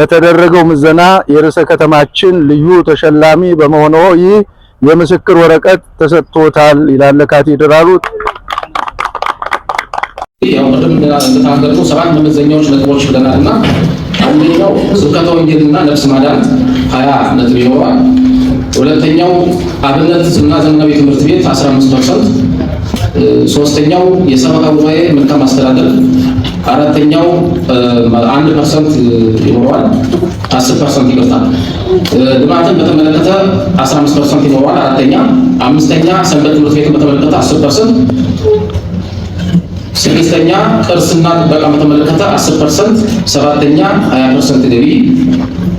በተደረገው ምዘና የርዕሰ ከተማችን ልዩ ተሸላሚ በመሆኑ ይህ የምስክር ወረቀት ተሰጥቶታል ይላል ካቴድራሉ። ያው ቅድም እንደተናገርኩ ሰባት መመዘኛዎች ነጥቦች ብለናልና አንደኛው ስብከተ ወንጌልና ነፍስ ማዳን ሀያ ነጥብ ይኖረዋል። ሁለተኛው አብነትና ዘመናዊ ትምህርት ቤት 15 ፐርሰንት፣ ሶስተኛው የሰበካ ጉባኤ መልካም አስተዳደር፣ አራተኛው አንድ ፐርሰንት ይኖረዋል። አስር ፐርሰንት ይቅርታል። ልማትን በተመለከተ 15 ፐርሰንት ይኖረዋል አራተኛ። አምስተኛ ሰንበት ትምህርት ቤትን በተመለከተ 10 ፐርሰንት ስድስተኛ ቅርስና ጥበቃ በተመለከተ አስር ፐርሰንት ሰባተኛ ሀያ ፐርሰንት ገቢ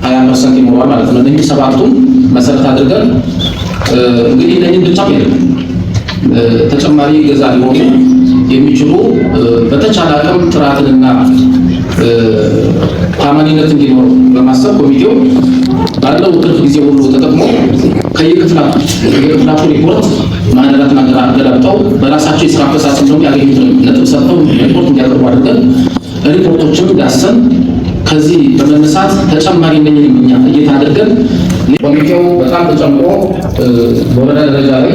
ሀያ ፐርሰንት ይኖረዋል ማለት ነው። እነዚህ ሰባቱን መሰረት አድርገን እንግዲህ እነኝን ብቻ ሄድም ተጨማሪ ገዛ ሊሆኑ የሚችሉ በተቻለ አቅም ጥራትንና ታማኒነት እንዲኖር በማሰብ ኮሚቴው ባለው ትርፍ ጊዜ ሁሉ ተጠቅሞ ከየክፍላቱ የክፍላቱ ሪፖርት ማንነት ነገር አገላብጠው በራሳቸው የስራ አፈጻጸም ደግሞ ያገኙት ነጥብ ሰጥተው ሪፖርት እንዲያቀርቡ አድርገን ሪፖርቶችን ዳሰን ከዚህ በመነሳት ተጨማሪ ነኝ የሚኛ እይታ አድርገን ኮሚቴው በጣም ተጨምሮ በወረዳ ደረጃ ላይ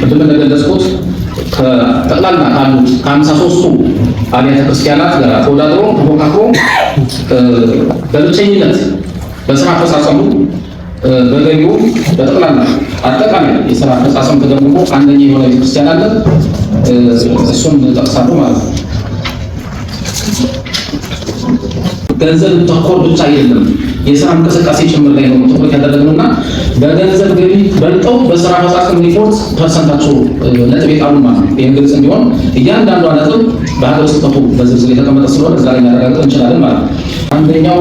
ቅድም እንደገለጽኩት ከጠቅላላ ካሉት ከሀምሳ ሶስቱ አብያተ ክርስቲያናት ጋር ተወዳድሮ ተፎካክሮ በብቸኝነት በስራ አፈጻጸሙ በገቢውም በጠቅላላ አጠቃላይ የስራ አፈጻጸም ተገምግሞ አንደኛ የሆነ ቤተክርስቲያን አለ። እሱም ጠቅሳሉ ማለት ነው። ገንዘብ ተኮር ብቻ አይደለም፣ የስራ እንቅስቃሴ ጭምር ላይ ነው ትኩረት ያደረግነው እና በገንዘብ ገቢ በልጠው በስራ አፈጻጸም ሪፖርት ፐርሰንታቸው ነጥብ የጣሉ ማለት ነው። ይህን ግልጽ እንዲሆን እያንዳንዷ ነጥብ በሀገር ስጠቱ በዝርዝር የተቀመጠ ስለሆነ እዛ ላይ እናረጋግጥ እንችላለን ማለት ነው። አንደኛው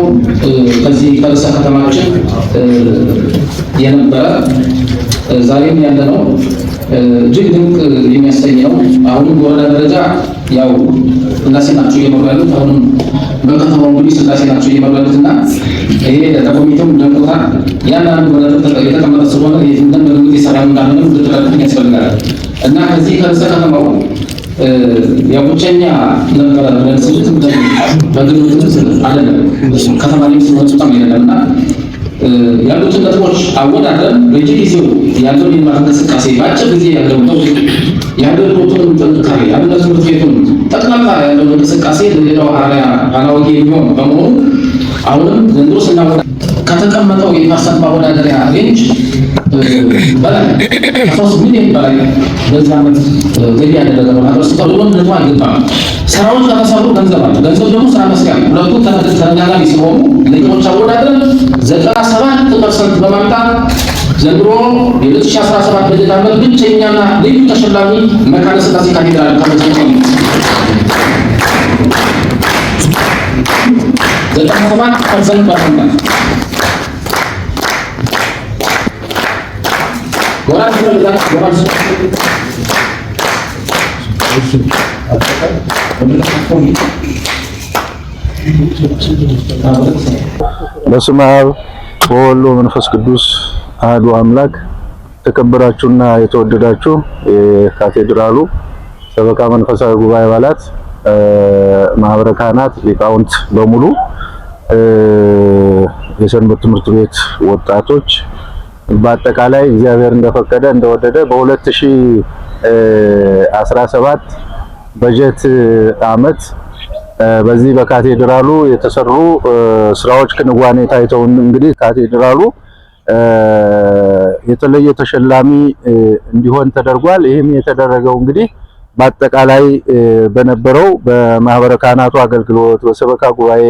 ከዚህ ከርዕሰ ከተማ የነበረ ዛሬም ያለ ነው። እጅግ ድንቅ የሚያሰኘው አሁንም በወረዳ ደረጃ ያው ስላሴ ናቸው እየመሩ አሁንም በከተማው እንግዲህ ስላሴ ናቸው እየመሩ እና ይሄ ለተኮሚቴው ደንቆታ ያንዳንዱ ወረዳ የተቀመጠ ስለሆነ ይህንን በግምት የሰራ እንዳንንም ልትረዱኝ ያስፈልጋል እና ከዚህ ከርሰ ከተማው የሙቸኛ ነበረ ብለን ስልት በግምት አለ ከተማ ሊምስ ስለሆነ በጣም ይለናል እና ያሉትን ነጥቦች አወዳደር በየጊዜው ያለውን የልማት እንቅስቃሴ በአጭር ጊዜ ያለው ለውጥ የሀገሪቱን ጥንካሬ የአንድነት ትምህርት ቤቱን ጠቅላላ ያለውን እንቅስቃሴ ለሌላው አርአያ አላወቂ የሚሆን በመሆኑ አሁንም ዘንድሮ ስናወዳ ከተቀመጠው የፐርሰንት ማወዳደሪያ ሬንጅ በላይ ሚሊዮን በላይ በዚህ ዓመት ገቢ ያደረገ ማህበረሰብ ተብሎም ልቶ አይገባም። ስራዎች ከተሰሩ ገንዘብ አለ። ገንዘብ ደግሞ ስራ መስሪያ ሁለቱ ተደጋጋሚ ስለሆኑ አንደኛዎች አወዳደር ዘጠና ሰባት ፐርሰንት በማምጣት ዘንድሮ የ2017 በጀት ዓመት ብቸኛና ልዩ ተሸላሚ መካነ ስላሴ ካቴድራል ከመጽ ዘጠና ፐርሰንት በማምጣት ጎራ በስመ አብ ወወልድ ቅዱስ አህዱ አምላክ። የተከበራችሁና የተወደዳችሁ የካቴድራሉ ሰበካ መንፈሳዊ ጉባኤ አባላት፣ ማህበረ ካህናት፣ ሊቃውንት በሙሉ የሰንበት ትምህርት ቤት ወጣቶች በአጠቃላይ እግዚአብሔር እንደፈቀደ እንደወደደ በ2017 በጀት አመት በዚህ በካቴድራሉ የተሰሩ ስራዎች ክንዋኔ ታይተው እንግዲህ ካቴድራሉ የተለየ ተሸላሚ እንዲሆን ተደርጓል። ይህም የተደረገው እንግዲህ በአጠቃላይ በነበረው በማህበረ ካህናቱ አገልግሎት፣ በሰበካ ጉባኤ፣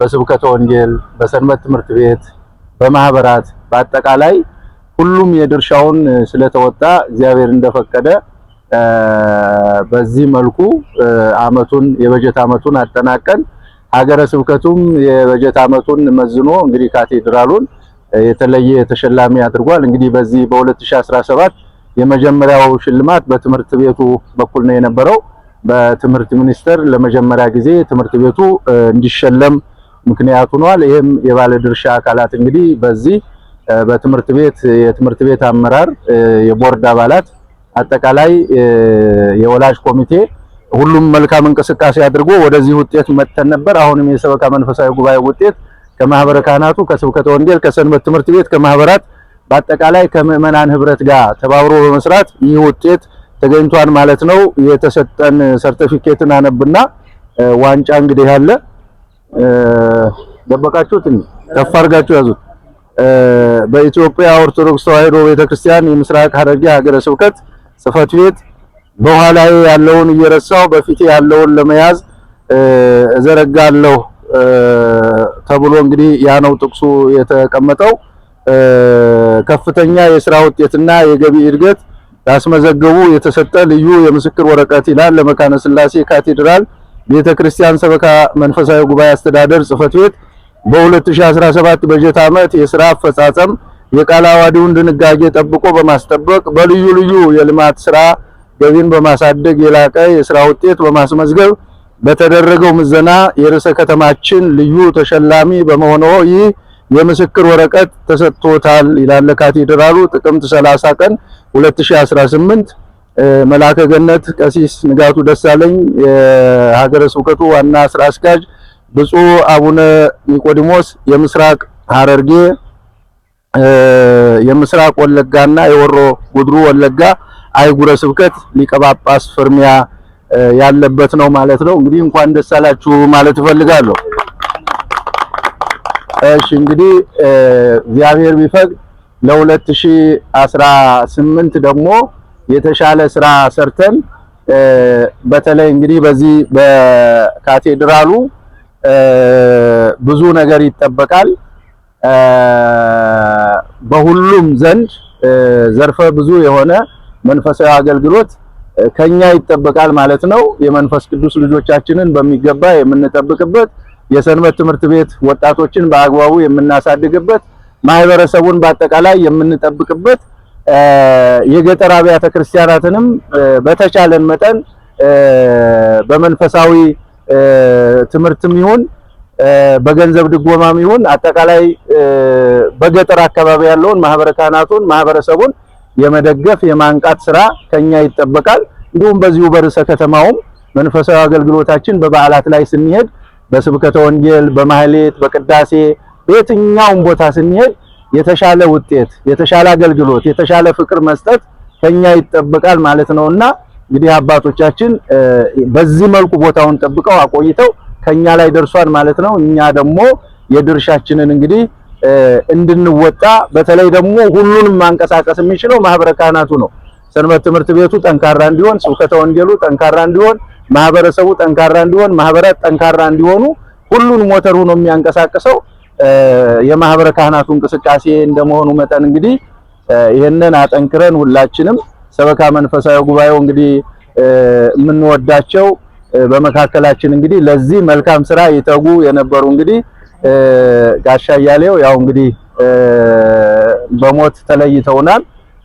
በስብከተ ወንጌል፣ በሰንበት ትምህርት ቤት፣ በማህበራት በአጠቃላይ ሁሉም የድርሻውን ስለተወጣ እግዚአብሔር እንደፈቀደ በዚህ መልኩ አመቱን የበጀት አመቱን አጠናቀን ሀገረ ስብከቱም የበጀት አመቱን መዝኖ እንግዲህ ካቴድራሉን የተለየ ተሸላሚ አድርጓል። እንግዲህ በዚህ በ2017 የመጀመሪያው ሽልማት በትምህርት ቤቱ በኩል ነው የነበረው። በትምህርት ሚኒስቴር ለመጀመሪያ ጊዜ ትምህርት ቤቱ እንዲሸለም ምክንያት ሆኗል። ይህም የባለድርሻ አካላት እንግዲህ በዚህ በትምህርት ቤት የትምህርት ቤት አመራር የቦርድ አባላት አጠቃላይ የወላጅ ኮሚቴ ሁሉም መልካም እንቅስቃሴ አድርጎ ወደዚህ ውጤት መጥተን ነበር። አሁንም የሰበካ መንፈሳዊ ጉባኤ ውጤት ከማህበረ ካህናቱ፣ ከስብከተ ወንጌል፣ ከሰንበት ትምህርት ቤት፣ ከማህበራት በአጠቃላይ ከምዕመናን ህብረት ጋር ተባብሮ በመስራት ይህ ውጤት ተገኝቷን ማለት ነው። የተሰጠን ሰርቲፊኬትን አነብና ዋንጫ እንግዲህ ያለ ደበቃችሁት እንዴ? ከፍ አድርጋችሁ ያዙት። በኢትዮጵያ ኦርቶዶክስ ተዋሕዶ ቤተክርስቲያን የምስራቅ ሐረርጌ ሀገረ ስብከት ጽህፈት ቤት በኋላ ያለውን እየረሳው በፊት ያለውን ለመያዝ እዘረጋለሁ ተብሎ እንግዲህ ያ ነው ጥቅሱ የተቀመጠው። ከፍተኛ የስራ ውጤትና የገቢ እድገት ያስመዘገቡ የተሰጠ ልዩ የምስክር ወረቀት ይላል። ለመካነ ስላሴ ካቴድራል ቤተክርስቲያን ሰበካ መንፈሳዊ ጉባኤ አስተዳደር ጽህፈት ቤት በ2017 በጀት ዓመት የስራ አፈጻጸም የቃለ ድንጋጌ ጠብቆ በማስጠበቅ በልዩ ልዩ የልማት ስራ ገቢን በማሳደግ የላቀ የስራ ውጤት በማስመዝገብ በተደረገው ምዘና የርዕሰ ከተማችን ልዩ ተሸላሚ በመሆኖ ይህ የምስክር ወረቀት ተሰጥቶታል ይላል ካቴድራሉ። ጥቅምት 30 ቀን 2018 መላከ ገነት ቀሲስ ንጋቱ ደሳለኝ የሀገረ ስብከቱ ዋና ስራ አስኪያጅ፣ ብፁዕ አቡነ ኒቆዲሞስ የምስራቅ ሐረርጌ የምስራቅ ወለጋና የወሮ ጉድሩ ወለጋ አይጉረ ስብከት ሊቀ ጳጳስ ፍርሚያ ያለበት ነው ማለት ነው። እንግዲህ እንኳን ደስ አላችሁ ማለት እፈልጋለሁ። እሺ እንግዲህ እግዚአብሔር ቢፈግ ለ2018 ደግሞ የተሻለ ስራ ሰርተን በተለይ እንግዲህ በዚህ በካቴድራሉ ብዙ ነገር ይጠበቃል። በሁሉም ዘንድ ዘርፈ ብዙ የሆነ መንፈሳዊ አገልግሎት ከኛ ይጠበቃል ማለት ነው። የመንፈስ ቅዱስ ልጆቻችንን በሚገባ የምንጠብቅበት የሰንበት ትምህርት ቤት ወጣቶችን በአግባቡ የምናሳድግበት ማህበረሰቡን በአጠቃላይ የምንጠብቅበት የገጠር አብያተ ክርስቲያናትንም በተቻለን መጠን በመንፈሳዊ ትምህርትም ይሁን በገንዘብ ድጎማም ይሁን አጠቃላይ በገጠር አካባቢ ያለውን ማህበረ ካህናቱን ማህበረሰቡን የመደገፍ የማንቃት ስራ ከኛ ይጠበቃል። እንዲሁም በዚሁ በርዕሰ ከተማውም መንፈሳዊ አገልግሎታችን በበዓላት ላይ ስንሄድ በስብከተ ወንጌል፣ በማህሌት፣ በቅዳሴ በየትኛውም ቦታ ስንሄድ የተሻለ ውጤት፣ የተሻለ አገልግሎት፣ የተሻለ ፍቅር መስጠት ከኛ ይጠበቃል ማለት ነውና እንግዲህ አባቶቻችን በዚህ መልኩ ቦታውን ጠብቀው አቆይተው ከኛ ላይ ደርሷል ማለት ነው። እኛ ደግሞ የድርሻችንን እንግዲህ እንድንወጣ በተለይ ደግሞ ሁሉንም ማንቀሳቀስ የሚችለው ማህበረ ካህናቱ ነው። ሰንበት ትምህርት ቤቱ ጠንካራ እንዲሆን፣ ስብከተ ወንጌሉ ጠንካራ እንዲሆን፣ ማህበረሰቡ ጠንካራ እንዲሆን፣ ማህበራት ጠንካራ እንዲሆኑ ሁሉን ሞተር ሆኖ የሚያንቀሳቅሰው የማህበረ ካህናቱ እንቅስቃሴ እንደመሆኑ መጠን እንግዲህ ይህንን አጠንክረን ሁላችንም ሰበካ መንፈሳዊ ጉባኤው እንግዲህ የምንወዳቸው በመካከላችን እንግዲህ ለዚህ መልካም ስራ ይተጉ የነበሩ እንግዲህ ጋሻ እያሌው ያው እንግዲህ በሞት ተለይተውናል።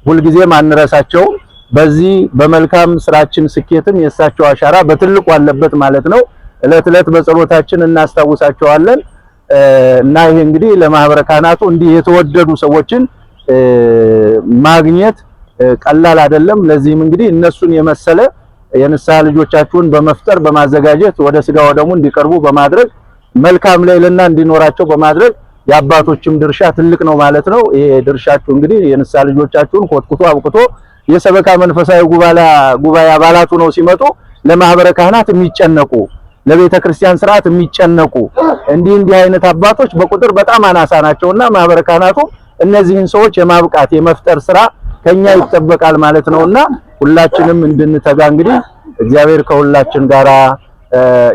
ሁልጊዜም አንረሳቸውም። በዚህ በመልካም ስራችን ስኬትም የእሳቸው አሻራ በትልቁ አለበት ማለት ነው። እለት እለት በጸሎታችን እናስታውሳቸዋለን እና ይሄ እንግዲህ ለማህበረ ካህናቱ እንዲህ የተወደዱ ሰዎችን ማግኘት ቀላል አይደለም። ለዚህም እንግዲህ እነሱን የመሰለ የንስሐ ልጆቻችሁን በመፍጠር በማዘጋጀት ወደ ስጋ ወደሙ እንዲቀርቡ በማድረግ መልካም ልዕልና እንዲኖራቸው በማድረግ የአባቶችም ድርሻ ትልቅ ነው ማለት ነው። ይሄ ድርሻችሁ እንግዲህ የንስሐ ልጆቻችሁን ኮትኩቶ አብቅቶ የሰበካ መንፈሳዊ ጉባኤ አባላቱ ነው ሲመጡ ለማህበረ ካህናት የሚጨነቁ ለቤተ ክርስቲያን ስርዓት የሚጨነቁ እንዲህ እንዲህ አይነት አባቶች በቁጥር በጣም አናሳ ናቸውና ማህበረ ካህናቱ እነዚህን ሰዎች የማብቃት የመፍጠር ስራ ከኛ ይጠበቃል ማለት ነውና ሁላችንም እንድንተጋ እንግዲህ እግዚአብሔር ከሁላችን ጋራ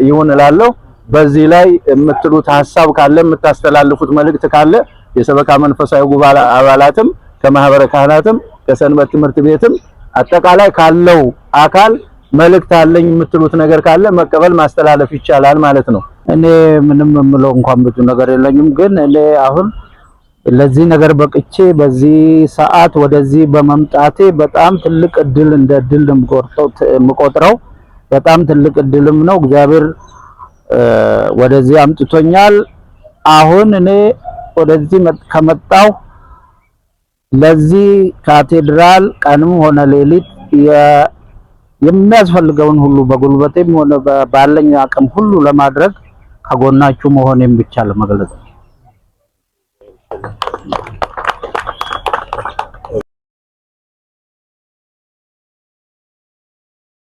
ይሁን እላለሁ። በዚህ ላይ የምትሉት ሀሳብ ካለ የምታስተላልፉት መልእክት ካለ የሰበካ መንፈሳዊ ጉባኤ አባላትም ከማህበረ ካህናትም ከሰንበት ትምህርት ቤትም አጠቃላይ ካለው አካል መልእክት አለኝ የምትሉት ነገር ካለ መቀበል ማስተላለፍ ይቻላል ማለት ነው። እኔ ምንም የምለው እንኳን ብዙ ነገር የለኝም፣ ግን እኔ አሁን ለዚህ ነገር በቅቼ በዚህ ሰዓት ወደዚህ በመምጣቴ በጣም ትልቅ እድል እንደ እድል የምቆጥረው በጣም ትልቅ እድልም ነው። እግዚአብሔር ወደዚህ አምጥቶኛል። አሁን እኔ ወደዚህ ከመጣሁ ለዚህ ካቴድራል ቀንም ሆነ ሌሊት የሚያስፈልገውን ሁሉ በጉልበቴም ሆነ ባለኝ አቅም ሁሉ ለማድረግ ከጎናችሁ መሆኔም ብቻ ለመግለጽ Thank you.